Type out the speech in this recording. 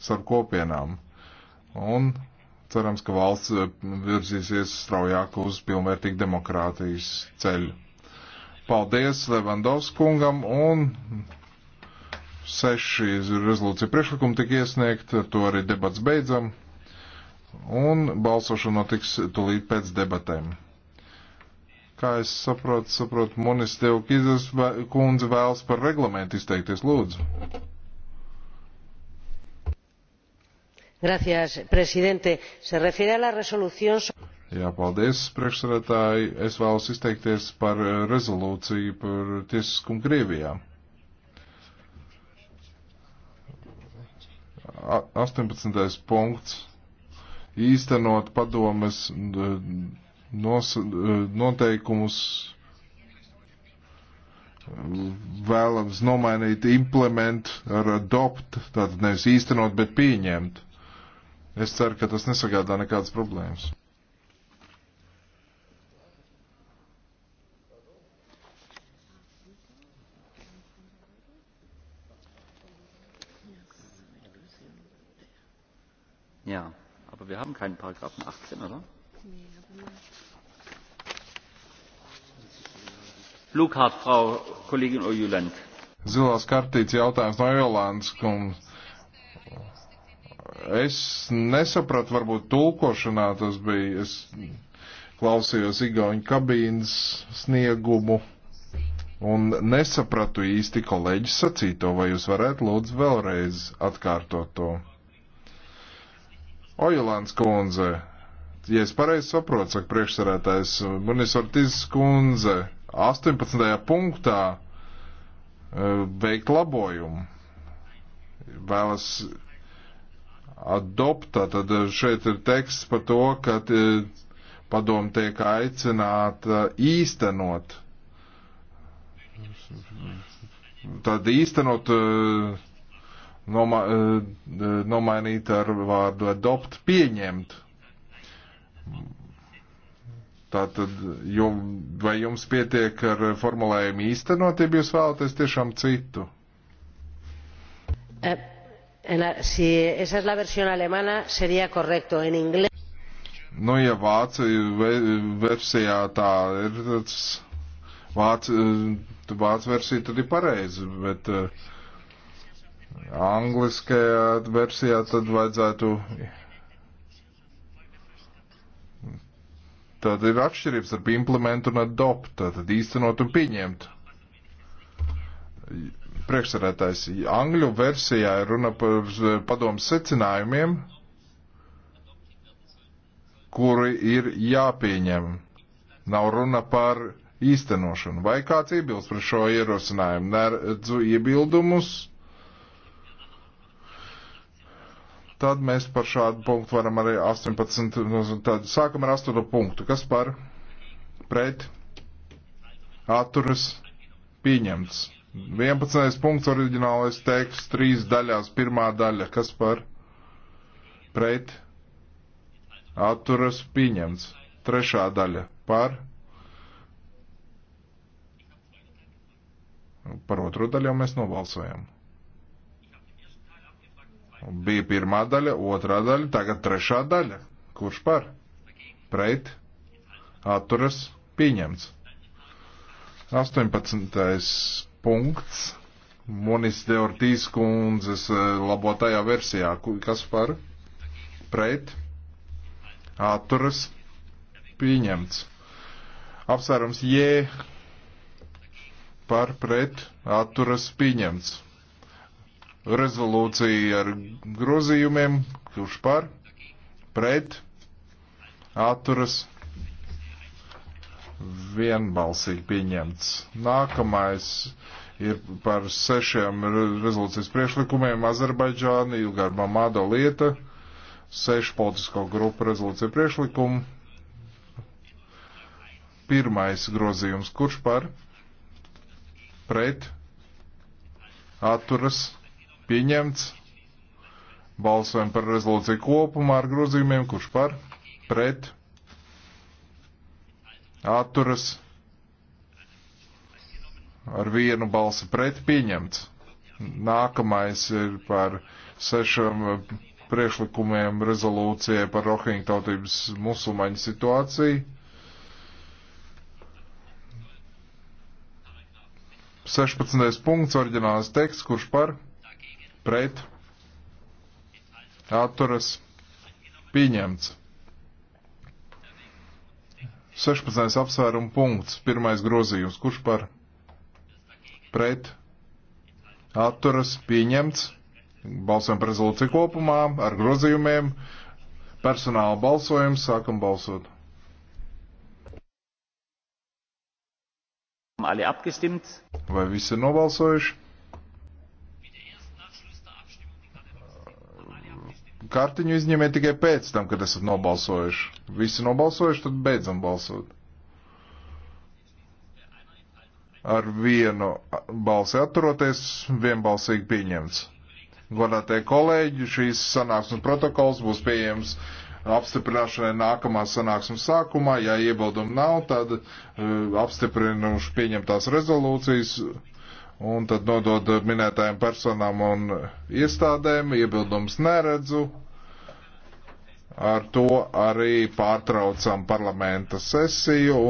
starp kopienām. Un cerams, ka valsts eh, virzīsies straujāk uz pilnvērtīgu demokrātijas ceļu. Paldies Levandovskungam un seši rezolūcija priekšlikumi tika iesniegt, ar to arī debats beidzam. Un balsošana notiks tulīt pēc debatēm. Kā es saprotu, saprotu, Munis Tev Kizas kundze vēlas par reglamentu izteikties, lūdzu. Gracias, presidente. Se refiere a la resolución. Jā, paldies, priekšsarētāji. Es vēlos izteikties par eh, rezolūciju par tiesiskumu Krievijā. 18. punkts īstenot padomes eh, nos, eh, noteikumus vēlams nomainīt implement ar adopt, tātad nevis īstenot, bet pieņemt. Es ceru, ka tas nesagādā nekādas problēmas. Ja, aber wir haben keinen Paragraphen 18, oder? Nee, aber Lūk, Frau Kollegin Ojuland. Zilās kartītes jautājums no Jolandes kundzes. Es nesapratu, varbūt tulkošanā tas bija. Es klausījos Igaunijas kabīnes sniegumu un nesapratu īsti kolēģis sacīto, vai jūs varētu lūdzu vēlreiz atkārtot to. Ojulāns kundze, ja es pareizi saprotu, saka priekšsarētājs, Munis Ortiz kundze, 18. punktā eh, veikt labojumu. Vēlas adopta, tad šeit ir teksts par to, ka e, padomu tiek aicināta īstenot. Tad īstenot e, noma, e, nomainīt ar vārdu adopt, pieņemt. Tātad, jum, vai jums pietiek ar formulējumu īstenot, ja jūs vēlaties tiešām citu? Uh. La, si esa es la versión alemana, sería correcto. En inglés. Nu, ja vācu versijā tā ir, tad vācu, vācu versija tad ir pareizi, bet uh, angliskajā versijā tad vajadzētu Tad ir atšķirības starp implement un adopt, tad īstenot un pieņemt. Priekšsarētājs, angļu versijā ir runa par padomu secinājumiem, kuri ir jāpieņem. Nav runa par īstenošanu. Vai kāds iebilst par šo ierosinājumu? Neredzu iebildumus. Tad mēs par šādu punktu varam arī 18. Nu, tad sākam ar 8. punktu. Kas par pret? Atturas pieņemts. 11. punkts, oriģinālais teksts, trīs daļās. Pirmā daļa, kas par pret atturas pieņemts. Trešā daļa par. Par otro daļu jau mēs nobalsojam. Bija pirmā daļa, otrā daļa, tagad trešā daļa. Kurš par? Pret atturas pieņemts. 18 punkts Monis de Ortiz kundzes eh, labotajā versijā. Kas par? Pret? Atturas? Pieņemts. Apsvērums J par pret atturas pieņemts. Rezolūcija ar grozījumiem, kurš par pret atturas pieņemts vienbalsīgi pieņemts. Nākamais ir par sešiem rezolūcijas priekšlikumiem Azerbaidžāna, Ilgarba Mado lieta, sešu politisko grupu rezolūcija priekšlikumu. Pirmais grozījums, kurš par pret atturas pieņemts. Balsojam par rezolūciju kopumā ar grozījumiem, kurš par pret atturas atturas ar vienu balsi pret pieņemts. Nākamais ir par sešam eh, priekšlikumiem rezolūcijai par rohingu tautības musulmaņu situāciju. Sešpadsmitais punkts, oriģināls teksts, kurš par pret atturas pieņemts. 16. apsvērumu punkts, pirmais grozījums, kurš par pret atturas pieņemts, balsojam par rezolūciju kopumā, ar grozījumiem, personāla balsojums, sākam balsot. Vai visi ir nobalsojuši? Kartiņu izņemiet tikai pēc tam, kad esat nobalsojuši. Visi nobalsojuši, tad beidzam balsot. Ar vienu balsi atturoties, vienbalsīgi pieņemts. Godātie kolēģi, šīs sanāksmes protokols būs pieejams apstiprināšanai nākamā sanāksmes sākumā. Ja iebildumu nav, tad uh, eh, apstiprinuši pieņemtās rezolūcijas un tad nodod minētājiem personām un iestādēm, iebildums neredzu. Ar to arī pārtraucam parlamenta sesiju.